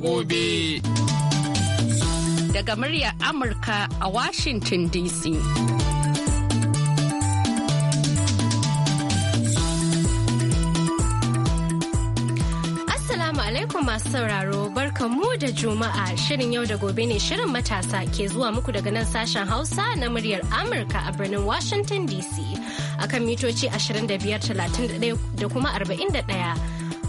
gobe. Daga muryar Amurka a Washington DC. Assalamu alaikum masu sauraro barkamu da juma'a shirin yau da gobe ne shirin matasa ke zuwa muku daga nan sashen hausa na muryar Amurka a birnin Washington DC akan mitoci 25, 31 da kuma 41.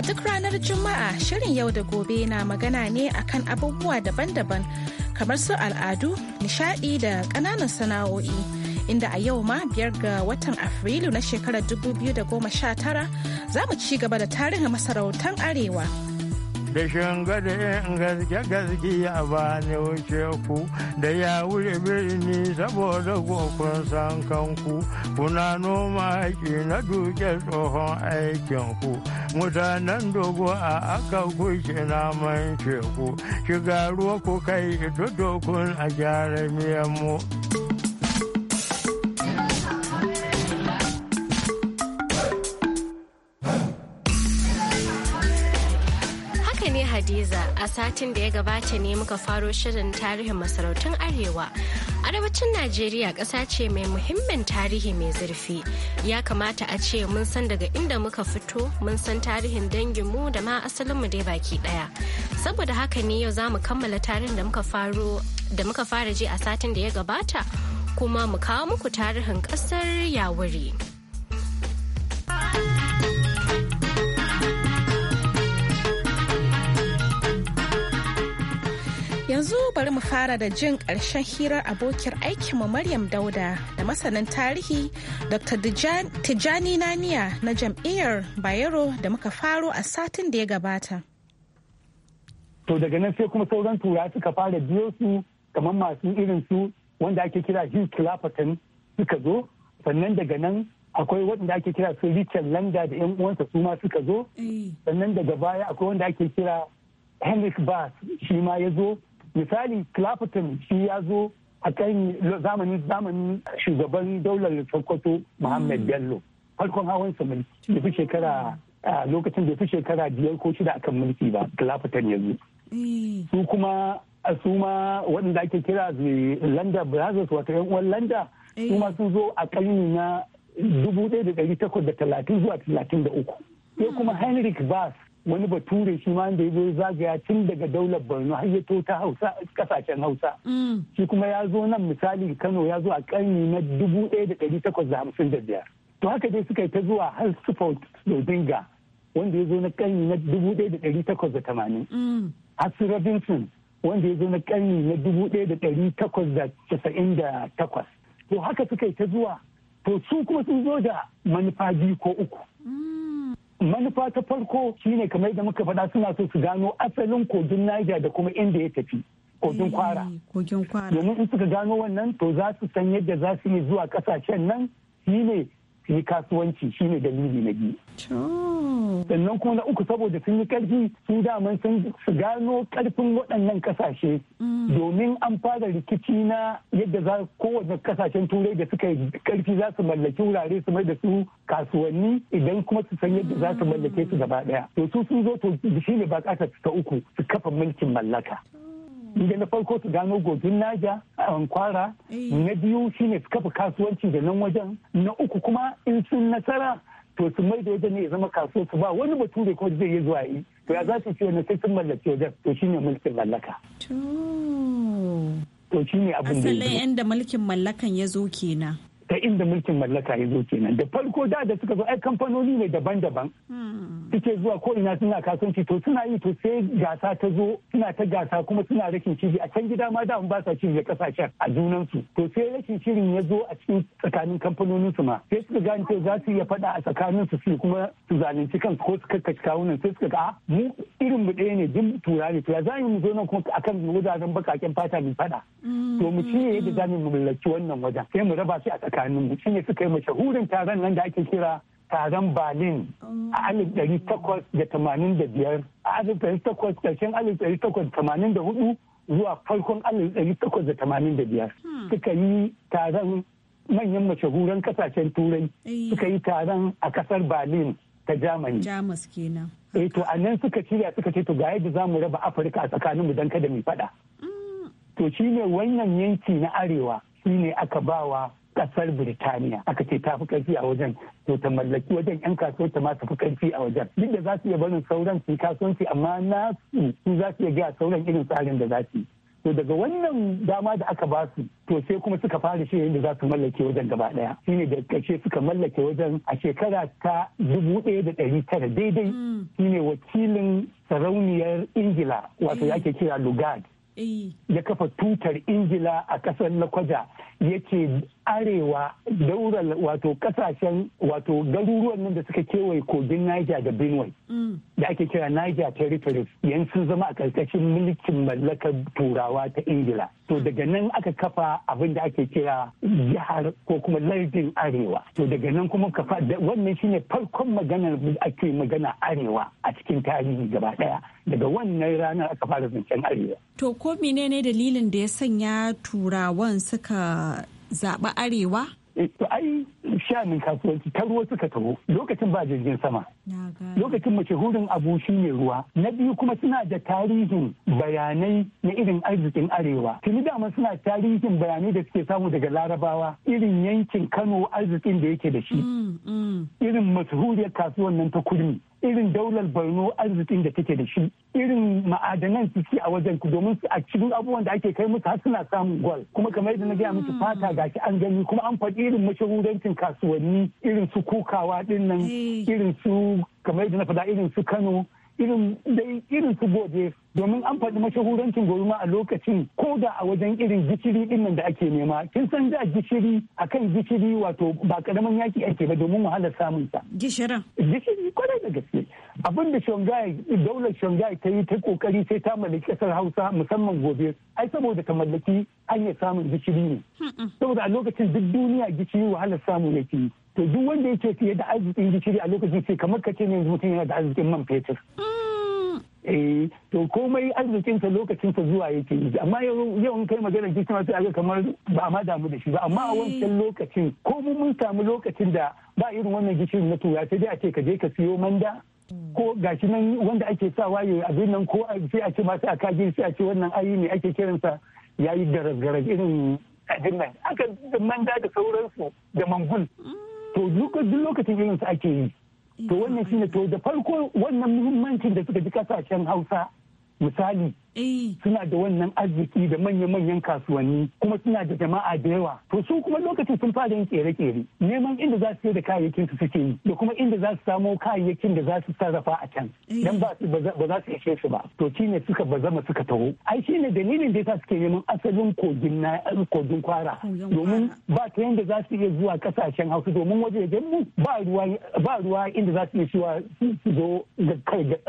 A duk ranar Juma'a shirin yau da gobe na magana ne akan abubuwa daban-daban kamar su al'adu, nishadi da ƙananan sana'o'i. Inda a yau ma biyar ga watan Afrilu na shekarar 2019 za mu ci gaba da tarihin masarautar Arewa. da yin gaske gaskiya ba ne wuce ku da ya wuce birni saboda gokun san kanku kuna noma ake na duke tsohon aikin ku mutanen dogo a aka kushe naman ku shiga ruwa ku kai ito dokun a gyara miyan mu. Hadiza a satin da ya gabata ne muka faro shirin tarihin masarautun Arewa. arabacin Najeriya ƙasa ce mai muhimmin tarihi mai zurfi. Ya kamata a ce mun san daga inda muka fito, mun san tarihin danginmu da ma asalinmu dai baki ɗaya. Saboda haka ne yau za mu kammala tarihin da muka fara ji a satin da ya gabata kuma mu kawo muku tarihin ƙasar Yawuri. Yanzu bari mu fara da jin ƙarshen hirar aikin aikinmu Maryam Dauda da masanin tarihi Dr. Tijani Naniya na jam'iyyar Bayero da muka faro a satin da ya gabata. To daga nan sai kuma sauran tura suka fara biyo su kamar masu irin su wanda ake kira Hugh Clapperton suka zo sannan daga nan akwai wanda ake kira su Richard Landa da 'yan uwansa su ma suka zo eh. sannan daga baya akwai wanda ake kira Henrik Bass shi ma ya zo misali clapperton shi ya zo a kan zamani zamanin shugaban daular sokoto muhammad mm. bello farkon hawan sa mulki da fi shekara lokacin da fi shekara biyar ko shida akan mulki ba clapperton ya zo mm. su kuma su ma waɗanda ake kira landa brothers wata yan uwan landa eh. su ma sun zo a ƙarni na dubu ɗaya da ɗari takwas da talatin zuwa talatin da uku sai kuma mm. henrik bass wani bature shi ma da ya zo zagaya tun daga daular borno har ya ta hausa kasashen hausa mm. shi kuma ya zo nan misali kano ya zo a karni na dubu daya da dari takwas da hamsin da biyar to haka dai suka yi ta zuwa har sufot dodinga wanda ya zo na karni na dubu daya da dari takwas da tamanin mm. har su robinson wanda ya zo na karni na dubu daya da dari takwas da casa'in da takwas to haka suka yi ta zuwa to su kuma sun zo da manufa biyu ko uku mm. manufa ta farko shine kamar da muka faɗa suna so su gano asalin kogin Niger da kuma inda ya tafi eh, kogin kwara domin in suka gano wannan to za su san yadda za su yi zuwa kasashen nan shine su yi kasuwanci shine dalili na biyu Sannan kuma na uku saboda sun yi karfi sun daman sun gano ƙarfin waɗannan ƙasashe mm. domin an fara rikici na yadda za kowane ƙasashen turai da suka yi karfi za su mallaki wurare su mai da su kasuwanni idan kuma su san yadda za su mm. mallake su gaba daya To su sun zo to shi ne ba ta uku su kafa mulkin mallaka. Mm. inda na farko su gano gobin naja a kwara eh. na biyu shine su kafa kasuwanci da nan wajen na uku kuma in sun nasara to su mai da wajen ne ya zama kasuwar su ba wani da kuma zai yi zuwa yi to ya za su ce wani sai sun mallaki wajen to shine mulkin mallaka to shine abin da asalin inda mulkin mallakan ya zo kenan ta inda mulkin mallaka ya zo kenan da farko da da suka zo ai kamfanoni ne daban-daban hmm. suke zuwa ko ina suna kasuwanci to suna yi to sai gasa ta zo suna ta gasa kuma suna rashin shiri a can gida ma da ba sa shiri da kasashen a junansu to sai rashin shirin ya zo a cikin tsakanin kamfanonin su ma sai suka gane cewa za su iya faɗa a tsakanin su su kuma su zalunci kansu ko su kakkaci kawunan sai suka ga ah, mu irin mu ɗaya ne duk tura ne ya za mu zo nan kuma akan wajen bakaken fata mu faɗa hmm. to mu ci ne yadda za mu mallaki wannan wajen sai mu raba shi a tsakanin tsakanin mu shine suka yi mashahurin taron nan da ake kira taron berlin a alif ɗari takwas da tamanin da biyar a alif ɗari takwas ƙarshen alif ɗari takwas tamanin da hudu zuwa farkon alif ɗari takwas da tamanin da biyar hmm. suka yi taron manyan mashahuran kasashen turai eh. suka yi taron a kasar berlin ta germany jamus kenan eh, to a nan suka shirya suka ce to ga yadda za mu raba afirka a tsakaninmu don kada mu faɗa hmm. to shine wannan yanki na arewa shine aka bawa kasar Birtaniya aka ce ta fi karfi a wajen to ta mallaki wajen yan ta ma ta fi karfi a wajen duk da za su iya barin sauran su kasuwanci amma na su su za su iya gaya sauran irin tsarin da za su to daga wannan dama da aka ba su to sai kuma suka fara shi yadda za su mallake wajen gaba daya shine da karshe suka mallake wajen a shekara ta dubu ɗaya da ɗari tara daidai mm. shine wakilin sarauniyar ingila wato yake kira lugard eh. Eh. ya kafa tutar ingila a kasar lakwaja ya ce arewa daura wato kasashen wato garuruwan nan da suka kewaye kogin Niger da Benue mm. da ake kira Niger territories yan sun zama a karkashin mulkin mallakar turawa ta Ingila to mm. daga nan aka kafa abin da ake kira jihar ko kuma lardin arewa to daga nan kuma kafa wannan shine farkon maganar ake magana arewa a cikin tarihi gaba daya daga wannan ranar aka fara zancen arewa to ko menene dalilin da ya sanya turawan suka zaɓi arewa? Eh, to ai shanin kasuwanci ta ruwa suka taho lokacin ba jirgin sama lokacin mace hurin abu shi ne ruwa na biyu kuma suna da tarihin bayanai na irin arzikin arewa tuni dama suna tarihin bayanai da suke samu daga larabawa irin yankin kano arzikin da yake da shi mm, mm. irin mashuriyar kasuwan nan ta kurmi irin daular borno arzikin da take da shi irin ma'adanan suke a wajen ku domin a cikin abubuwan da ake kai musu har suna samun gwal kuma kamar yadda na gaya musu mm. fata gashi an gani kuma an faɗi irin mashahurancin kasuwanni irin su kukawa din nan eh. irin su kamar yadda na faɗa irin su kano irin su goje domin an faɗi mashahurancin goruma a lokacin ko da a wajen irin gishiri din nan da ake nema kin san da gishiri akan gishiri wato ba karaman yaki ake ba domin wahalar samun sa gishirin gishiri kwarai da gaske abin da shangai, daular shangai ta yi ta kokari sai ta mallaki kasar hausa musamman gobe ai saboda ta mallaki hanyar samun gishiri ne saboda a lokacin duk duniya gishiri wahalar samu yake to duk wanda yake fiye da arzikin gishiri a lokacin sai kamar ka ce ne mutum yana da arzikin man fetur mm. eh to komai arzikin sa lokacin sa zuwa yake yi amma yau in kai magana gishiri ma sai a kamar ba ma damu da shi ba amma a wancan eh. lokacin ko mu mun samu lokacin da ba irin wannan gishirin na tura sai dai a ce ka je ka siyo manda ko gashi nan wanda ake sawa a abin nan ko sai a ce masu a kage sai a ce wannan ayi ne ake kiransa yayi garas-garas irin abin nan aka manda da sauransu da mangul to duk lokacin irin su ake yi to wannan shine to da farko wannan muhimmancin da suka ji kasashen hausa misali Eh. suna da wannan arziki da manya-manyan kasuwanni kuma suna da jama'a da yawa to su kuma lokacin sun fara yin kere-kere neman inda za su da kayayyakin su suke yi da kuma inda za su samo kayayyakin da za su sarrafa a can eh. dan ba za su ishe su ba to shine suka bazama suka taho ai ne dalilin da yasa suke neman asalin kogin na kogin kwara domin ba ta yanda za su iya zuwa kasashen hausa domin wajejen mu ba ruwa ba ruwa inda za su iya shiwa su zo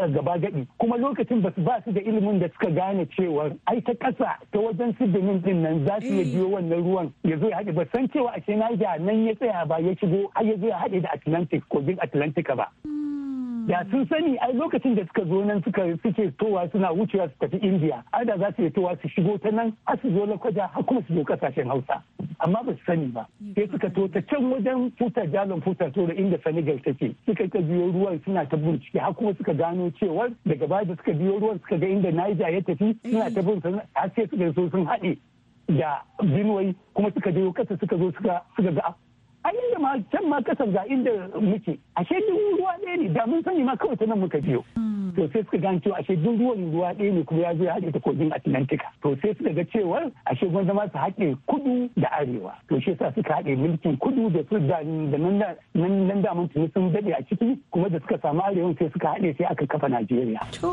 gaba gadi kuma lokacin ba su ba su da ilimin da suka gane cewa ai ta kasa ta wajen su din nan za su iya eh. biyo wannan ruwan ya zo ya haɗe ba san cewa na naija nan ya tsaya ba ya shigo har ya zo ya haɗe da atlantic kogin atlantic ba. Hmm. da sun sani ai lokacin da suka zo nan suka suke towa suna wucewa su tafi indiya ai da za su yi towa su shigo ta nan a su zo lakwaja har kuma su zo kasashen hausa amma ba su sani ba sai suka to ta can wajen futar jalon futar tora inda senegal take suka ta biyo ruwan suna ta bincike har kuma suka gano cewar daga baya da suka biyo ruwan suka ga inda niger ya tafi suna ta bincike har sai suka so sun haɗe da binuwai kuma suka je kasa suka zo suka ga ayyayya da can ma kasar ga inda muke ashe duk ruwa ɗaya ne da mun sani ma kawai ta nan muka biyo hmm. to sai suka gane cewa ashe duk ruwan ruwa ɗaya ne kuma ya zo ya haɗe ta kogin atlantika to sai suka ga cewa ashe gwan zama su haƙe kudu da arewa to shi yasa suka haɗe mulkin kudu da su da nan nan da mun tuni sun daɗe a ciki kuma da suka samu arewan sai suka haɗe sai aka kafa najeriya. to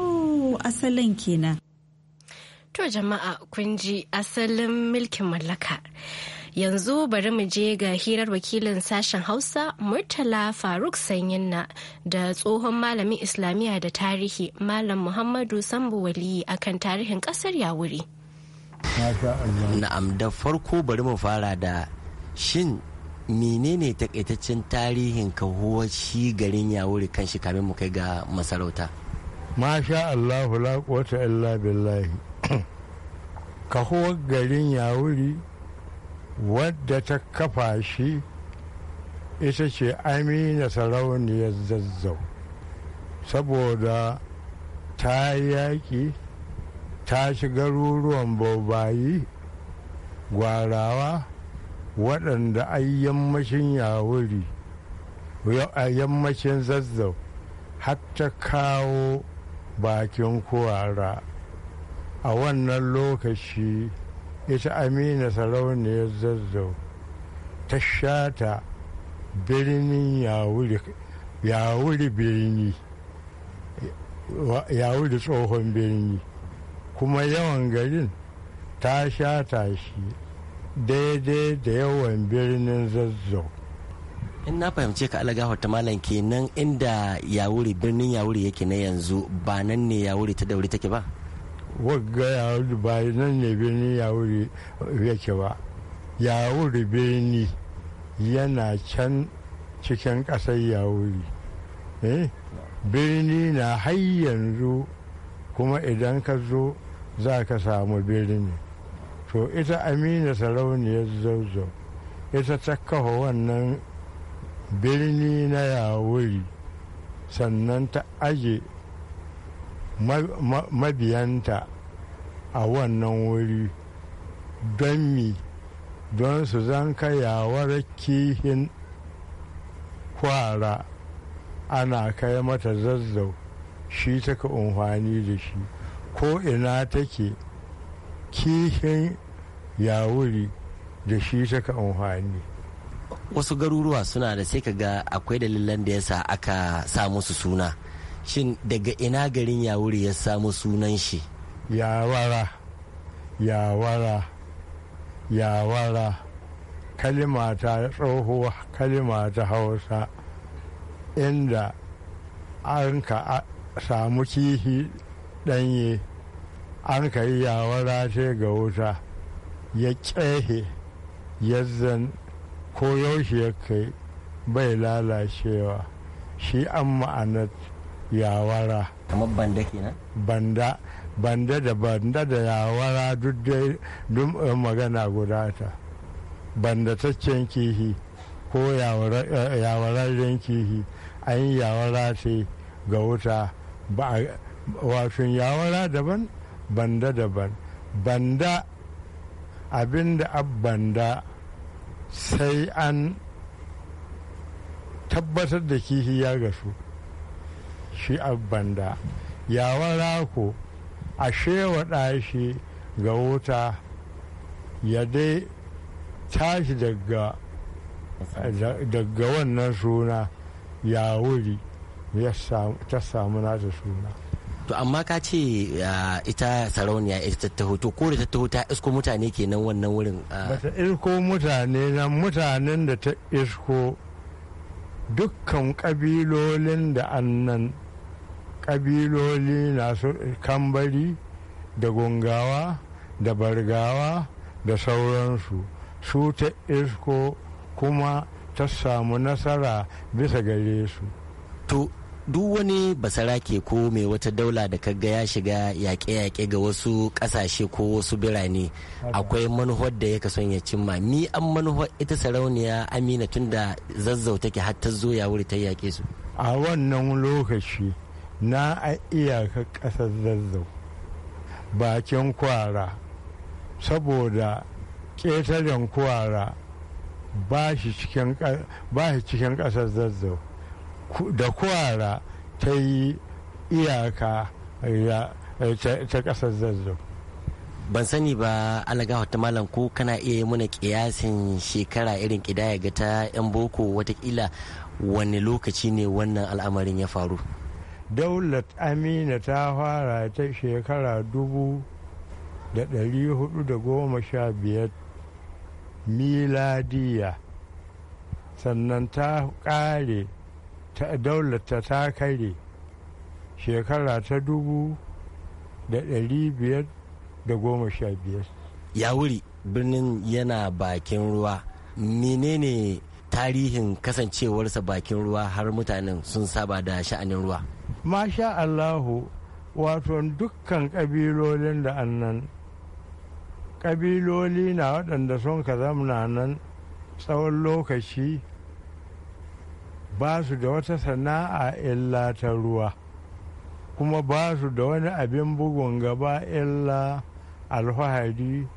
asalin kenan. To jama'a kun ji asalin mulkin mallaka. Yanzu bari mu je ga hirar wakilin sashen Hausa Murtala Faruk Sanyinna da tsohon malamin Islamiyya da tarihi Malam Muhammadu Sambu Waliyi akan tarihin kasar Yawuri. Na'am da farko bari mu fara da shin menene takaitaccen tarihin kahuwa shi garin Yawuri kan shi kamin mu kai ga masarauta? Masha Allahu la illa billahi. Kahuwar garin Yawuri wadda ta kafa shi ita ce amina sarauniyar zazzau saboda ta yaƙi ta shi garuruwan bobayi gwarawa waɗanda a yammacin yawuri a yammacin zazzau har ta kawo bakin kuwara a wannan lokaci ita amina sarauniyar zazzau ta shata birnin yawuri birni yawuri tsohon birni kuma yawan garin ta shata shi daidai da yawan birnin zazzau in na fahimce ka alaga ta malam kenan inda yawuri birnin yawuri yake na yanzu ba nan ne yawuri ta dauri take ba wagga ya wuri ba nan ne birni ya wuri yake ba ya wuri birni yana can cikin ƙasar ya wuri eh, birni na har yanzu kuma idan ka zo za ka samu birni to ita amina sarauniyar zauzau ita ta kafa wannan birni na yawuri sannan ta aje mabiyanta a wannan wuri don mi don su zanka yawar kihin kwara ana kai mata zazzau shi taka umfani da shi ko ina take kihin yawuri da shi taka umfani wasu garuruwa suna da sai ka ga akwai dalilan da yasa aka sa musu suna shin daga ina garin yawuri ya samu sunan shi yawara yawara yawara kalima ta tsohuwa kalima ta hausa inda an ka samu kihi danye an ka yi yawara ce ga wuta ya ƙehe yazzan ko yaushe ya kai bai lalacewa shi an ma'anar yawara kamar banda kenan banda banda da banda da yawara duk dai duk eh, magana guda ta banda taccen kihi ko eh, yawararren kihi an yi yawara ce ga wuta ba wato yawara daban banda daban banda abinda a banda sai an tabbatar da kihi ya gasu shi banda yawan rako a shewa shi ga wuta ya dai tashi daga daga wannan suna ya wuri ta samu nata suna to amma ka ce ita sarauniya ita ta hoto ko da ta ta isko mutane kenan wannan wurin ah. ba ta isko mutane na mutanen da ta isko dukkan kabilolin da annan kabiloli na su kambari da gungawa da bargawa da sauransu su ta isko kuma ta samu nasara bisa gare su to duk wani basarake ko mai wata daula da kaga ya shiga yaƙe-yaƙe ga wasu ƙasashe ko wasu birane akwai manuhar da ya kason ya cimma ni an manuhar ita sarauniya amina tunda da zazzau take har zo ya wuri ta yaƙe su a wannan lokaci na a iyaka ƙasar zazzau bakin kwara saboda ƙetaren kwara ba shi cikin ƙasar zazzau da kwara ta yi iyaka ta ƙasar zazzau ban sani ba alagawa ta malam ko kana iya yi mana kiyasin shekara irin ƙidaya ga ta 'yan boko watakila wani lokaci ne wannan al'amarin ya faru daular amina ta fara ta shekara dubu da ɗari hudu da goma sha biyar miladiya sannan ta ƙare daular ta ta kare shekara ta dubu da ɗari biyar da goma sha biyar ya wuri birnin yana bakin ruwa menene tarihin kasancewarsa bakin ruwa har mutanen sun saba da sha'anin ruwa masha allahu wato dukkan ƙabilolin da annan ƙabiloli na waɗanda sun ka zamna nan tsawon lokaci ba su da wata sana'a illa ta ruwa kuma ba su da wani abin bugun gaba illa alfahari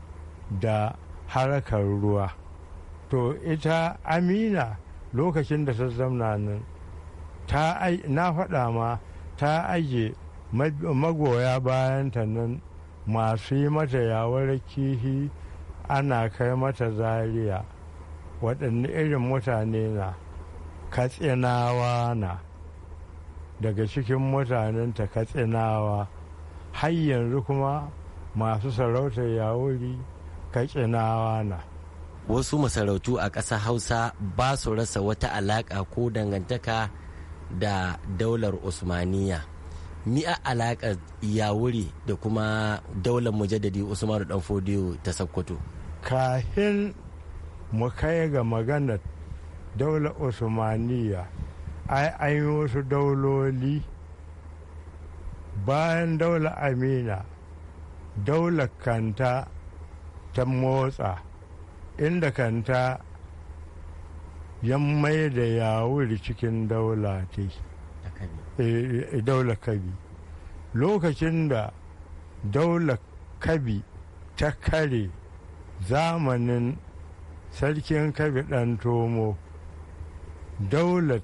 da harkar ruwa to ita amina lokacin da ta zamna nan ta na faɗa ma ta aje magoya bayanta nan masu yi mata yawar kihi ana kai mata zariya waɗanne irin mutane na katsinawa na daga cikin mutanenta katsinawa har yanzu kuma masu sarautar yawuri katsinawa na wasu masarautu a ƙasa hausa ba su rasa wata alaƙa ko dangantaka da daular usmaniya mi'a ya wuri da kuma daular mujaddadi usmanu dan fodiyo ta sakkwato kahin mu kai ga magana daular usmaniya ai an yi wasu dauloli bayan daular amina daular kanta ta motsa inda kanta ya mai da yawuri cikin eh, eh, daula kabi lokacin da daula kabi ta kare zamanin sarkin kabi dan tomo daular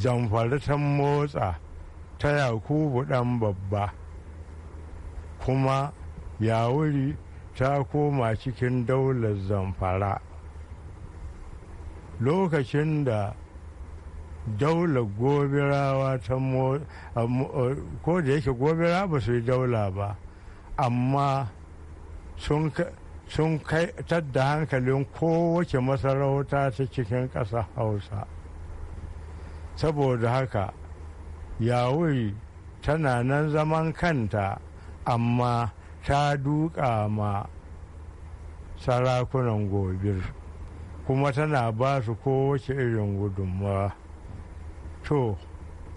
zamfaratan motsa ta yakubu ɗan babba kuma yawuri ta koma cikin daular zamfara lokacin da daular gobirawa ta ko da yake gobira ba su yi daula ba amma sun kai tadda hankalin kowace masarauta ta cikin ƙasa hausa saboda haka yawuri tana nan zaman kanta amma ta duka ma sarakunan gobir kuma tana ba su kowace irin gudunmawa to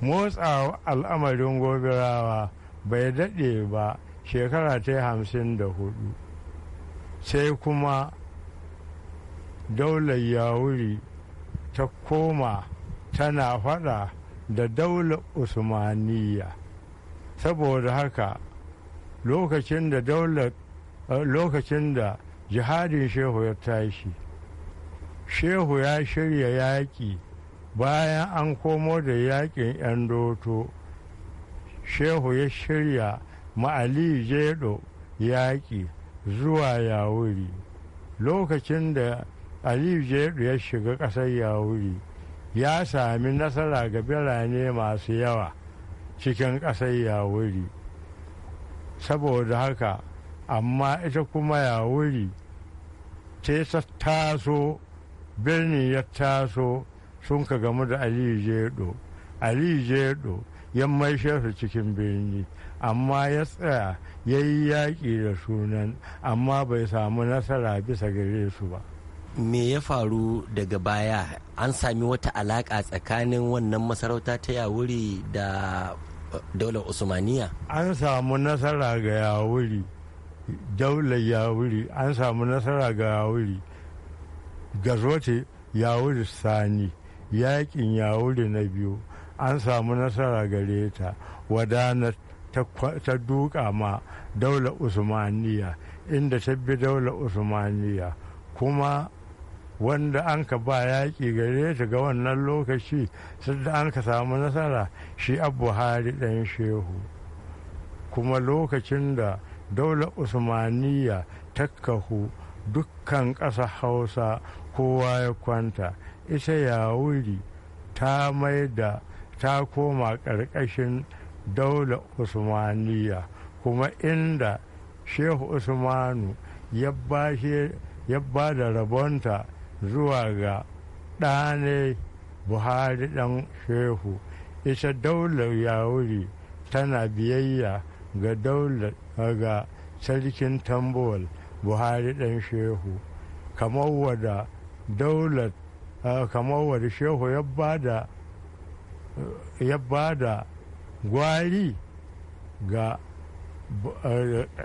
motsa al'amarin gobirawa bai daɗe ba shekara ta hamsin da hudu sai kuma daular yawuri ta koma tana fada da daular usmaniya saboda haka lokacin da daular eh, lokacin da jihadin shehu ya tashi shehu ya shirya yaƙi bayan an komo da yaƙin 'yan doto shehu ya shirya ma'ali jedo yaƙi zuwa yawuri lokacin da ali jedo ya shiga ƙasar yawuri ya sami nasara ga birane masu yawa cikin ƙasar yawuri saboda haka amma ita kuma ya wuri ce ta taso birni ya taso sun ka gamu da aliyu jedo aliyu jedo ya maishe su cikin birni amma ya tsaya ya yi yaƙi da sunan amma bai samu nasara bisa gare su ba me ya faru daga baya an sami wata alaƙa tsakanin wannan masarauta ta yawuri da daular usmaniya an samu nasara ga yawuri daular yawuri an samu nasara ga yawuri gazote yawuri sani yakin yawuri na biyu an samu nasara gare ta wadana ta duka ma daular usmaniya inda ta bi daular usmaniya kuma wanda an ka ba yaƙi gare ta ga wannan lokaci sadda an ka samu nasara shi abu hari ɗan shehu kuma lokacin da daular usmaniya ta kahu dukkan ƙasa hausa kowa ya kwanta ita yawuri ta mai da ta koma ƙarƙashin daular usmaniya kuma inda shehu usmanu ya ba da rabonta zuwa ga ɗane buhari ɗan shehu ita daular yawuri tana biyayya ga daular ga sarkin tambol buhari ɗan shehu kamar wadda shehu ya ba da gwari ga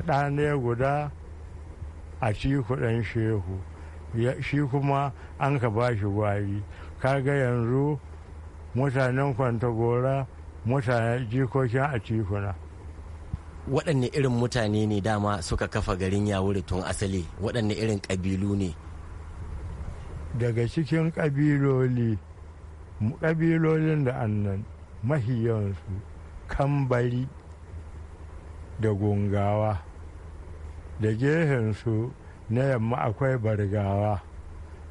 ɗane guda a cikin shehu shi kuma an ka ba shi gwari kaga yanzu mutanen kwantagora mutanen jikokin a tikuna waɗanne irin mutane ne dama suka kafa garin yawuri tun asali waɗanne irin ƙabilu ne daga cikin ƙabiloli ƙabilolin da annan mahiyansu kambari da gungawa da gehensu na yamma akwai bargawa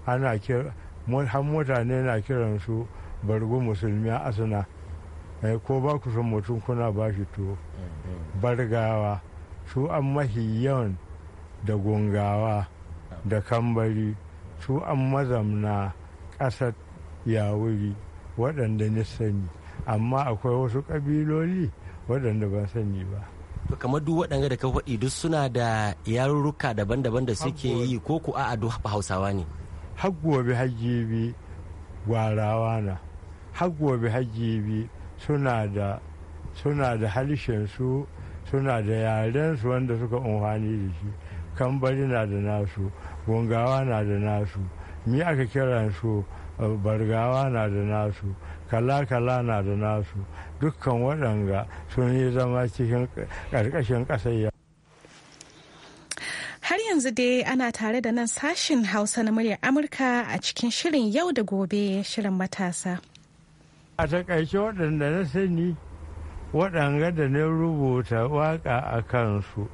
ana kira mutane na kiran su bargu musulmi asana eh, ko ba ku son mutum kuna ba shi tuwo bargawa su an mahi yawan da gungawa da kambari su an mazamna ƙasar yawuri waɗanda ni sani amma akwai wasu ƙabiloli waɗanda ban sani ba kamar duk waɗanda da ka faɗi duk suna da yarurruka daban-daban da suke yi ko ku a'a duk hausawa ne har gobe gwarawa na har gobe suna da suna harshen su suna da yaren su wanda suka amfani da shi kambari na da nasu gungawa na da nasu mi aka kira su eh, bargawa na da nasu kala-kala na da nasu dukkan waɗanga sun yi zama cikin ƙarƙashin ƙasayya. Har yanzu dai ana tare da nan sashin Hausa na muryar Amurka a cikin shirin yau da gobe shirin matasa. A takaice waɗanda na sani waɗanga da na rubuta waƙa a kansu.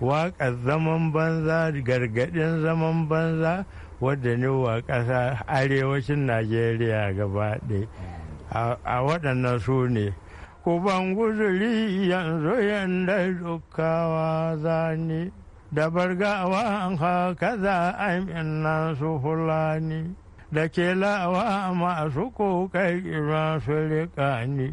waƙa zaman banza gargaɗin zaman banza wadda ne wa ƙasa arewacin Najeriya gaba ɗaya. a waɗannan su ne ku ban guzuri yanzu yanda dukawa zani da bargawa haka za a nan su fulani da ke lawa masu kokai masu riƙani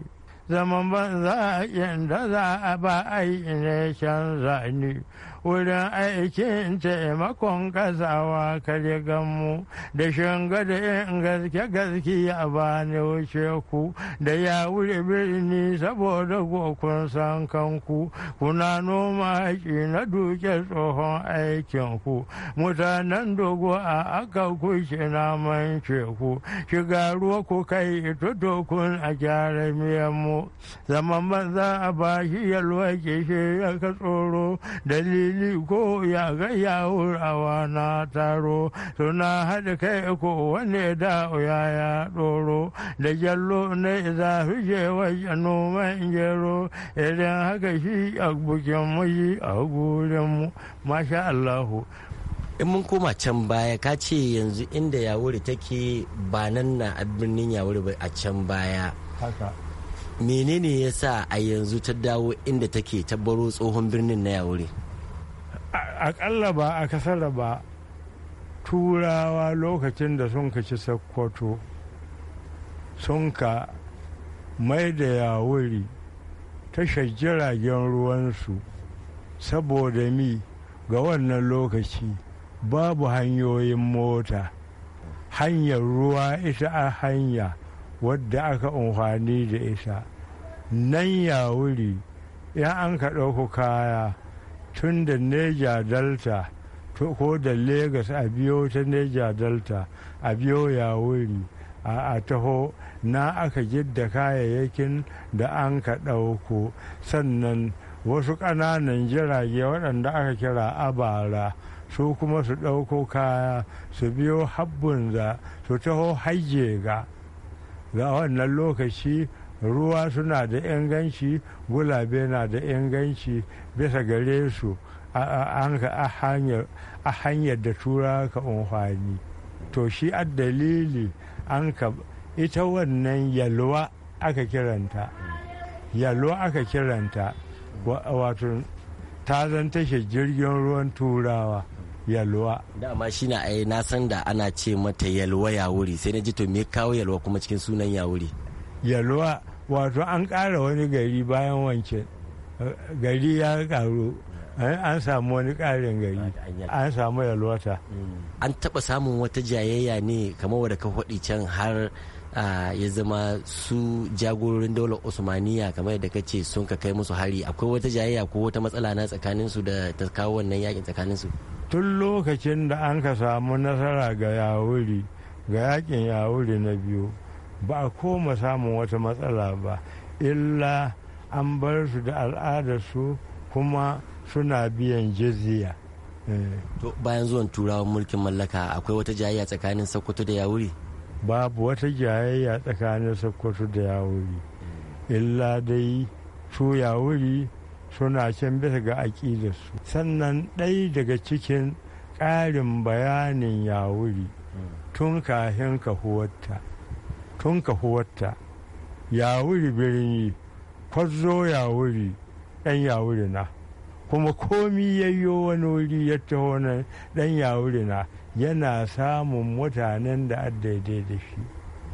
zaman ban za a da za a ba a yi ne canza ni wurin aikin taimakon kasawa kare mu. da shanga da in gaske gaske a bani wuce ku da ya wuri birni saboda gokun san kanku kuna noma haƙi na duke tsohon aikin ku mutanen dogo a aka kushe naman ku shiga ruwa ku kai ito dokun a gyara miyan mu zaman banza a bashi yalwa ke shi ya ka tsoro dalilin fili ko ya ga yawurawa na taro suna hada kai ko wani da ya ya ɗoro da jallo ne za su je wajen noman gero idan haka shi a bukin muyi a gurinmu masha Allahu. in mun koma can baya ka ce yanzu inda yawuri take ba nan na a birnin yawuri ba a can baya menene ya sa a yanzu ta dawo inda take ta baro tsohon birnin na yawuri akalla ba a kasara ba turawa lokacin da sun ka ci sakkwato sun ka mai da yawuri tashar jiragen ruwansu saboda mi ga wannan lokaci babu hanyoyin mota hanyar ruwa ita a hanya wadda aka umfani da ita nan yawuri in an ka ɗauko kaya tun da neja delta ko da Legas a biyo ta neja delta a biyo yawon a taho na aka gidda kayayyakin da an ka ɗauko sannan wasu ƙananan jirage waɗanda aka kira abara su kuma su ɗauko kaya su biyo habbunza su taho hajjega ga wannan lokaci ruwa suna da inganci gulabe na da inganci bisa gare su a hanyar da tura ka unhwani to shi a dalili an ka ita wannan yalwa aka kiranta yalwa aka kiranta wato ta zan tashe jirgin ruwan turawa yalwa dama shi na ai na san da ana ce mata yalwa ya wuri sai na ji to me kawo yalwa kuma cikin sunan ya wuri yalwa wato an ƙara wani gari bayan wance gari ya karu an samu wani ƙarin gari an samu yalwata an taɓa samun wata jayayya ne kamar wadda ka faɗi can har ya zama su jagororin daular usmaniya kamar yadda ka ce sun ka kai musu hari akwai wata jayayya ko wata matsala na tsakaninsu da ta kawo wannan yakin tsakaninsu tun lokacin da an ka samu nasara ga yawuri ga yakin yawuri na biyu ba a koma samun wata matsala ba illa an bar su da al'adarsu kuma suna biyan jizya. Eh. To bayan zuwan turawan mulkin mallaka akwai wata jayayya tsakanin Sokoto da Yawuri? Babu wata jayayya tsakanin Sokoto da Yawuri. Illa dai su Yawuri suna can bisa ga aƙidarsu. Sannan ɗai daga cikin ƙarin bayanin Yawuri hmm. tun kahin kahuwarta. tun kahuwarta wuri birni kwazo wuri ɗan wuri na kuma komi yi wani wuri ya taho na ɗan wuri na yana samun mutanen da daidai da shi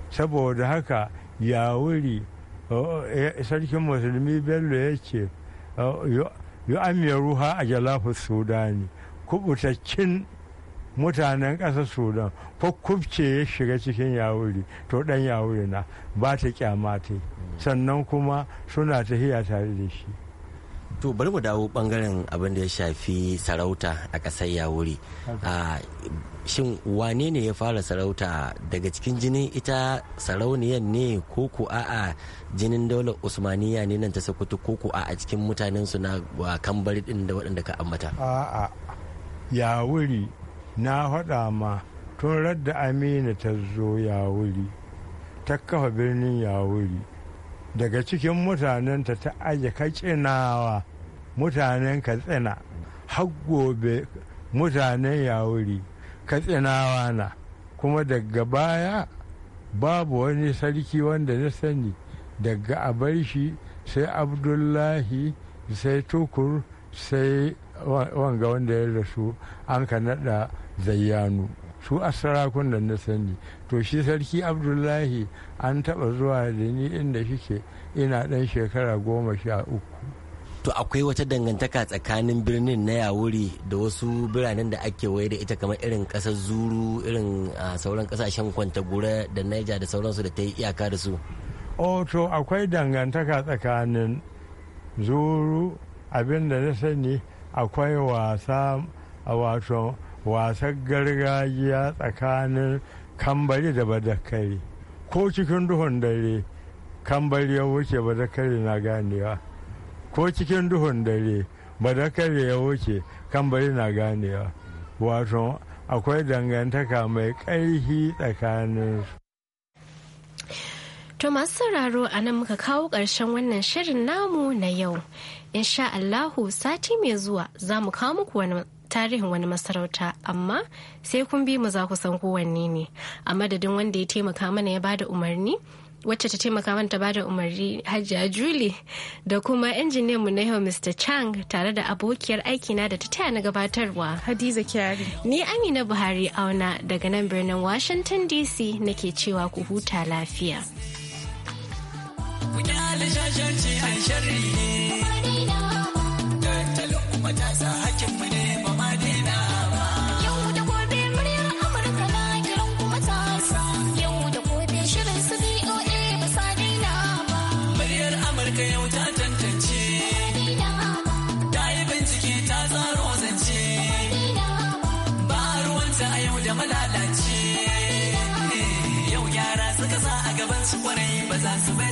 saboda haka ya wuri e, sarkin musulmi bello ya ce yi ruha a jalafin sudani kubutaccin mutanen ƙasar sudan kwakwubce ya shiga cikin yawuri to ɗan yawuri na ba ta kyamata sannan kuma suna ta tahiya tare da shi to bari mu dawo bangaren abin da ya shafi sarauta a ƙasar yawuri ah, shin wane ne ya fara sarauta daga cikin jinin ita sarauniyar ne ko ko a'a jinin daular usmaniya ne nan ta sokoto ko ko a'a cikin mutanen su na kambari din da waɗanda ka ambata a'a yawuri na faɗa ma tun radda amina ta zo yawuri ta kafa birnin yawuri daga cikin mutanenta ta aje katsinawa mutanen katsina har gobe mutanen yawuri katsinawa na kuma daga baya babu wani sarki wanda na sani daga abarshi sai abdullahi sai tukur sai wanga wanda ya rasu an ka naɗa zayyanu su a sarakunan na sani to shi sarki abdullahi an taɓa zuwa da ni inda shike ina ɗan shekara goma sha uku to akwai wata dangantaka tsakanin birnin na yawuri da wasu biranen da ake waye da ita kamar irin kasar zuru irin sauran kasashen kwantagura da naija da sauransu da ta yi iyaka da su oh to akwai dangantaka tsakanin zuru abin da na sani akwai wasa a wato wasan gargajiya tsakanin kambari da badakari ko cikin duhun dare kambari ya wuce badakari na ganewa ko cikin duhun dare badakari ya wuce kambari na ganewa wato akwai dangantaka mai ƙarfi tsakanin To masu sauraro a nan muka kawo ƙarshen wannan shirin namu na yau. insha Allahu sati mai zuwa za mu kawo muku wani tarihin wani masarauta amma sai kun bi mu za ku san kowanne ne a madadin wanda ya taimaka mana ya bada umarni wacce ta taimaka mana ta bada umarni hajiya juli da kuma injiniyan mu na yau mr chang tare da abokiyar aikina da ta taya na gabatarwa hadiza kyari ni amina buhari auna daga nan birnin washington dc nake cewa ku huta lafiya ku an sharri ne matasa hakkin mu ne ba ma daina ba yau da gobe muryar amurka na kiran ku matasa yau da gobe shirin su BOA ba sa ba muryar amurka yau ta tantance ta yi bincike ta tsaro zance ba ruwanta a yau da malalace yau gyara suka sa a gaban su kwarai ba za su bai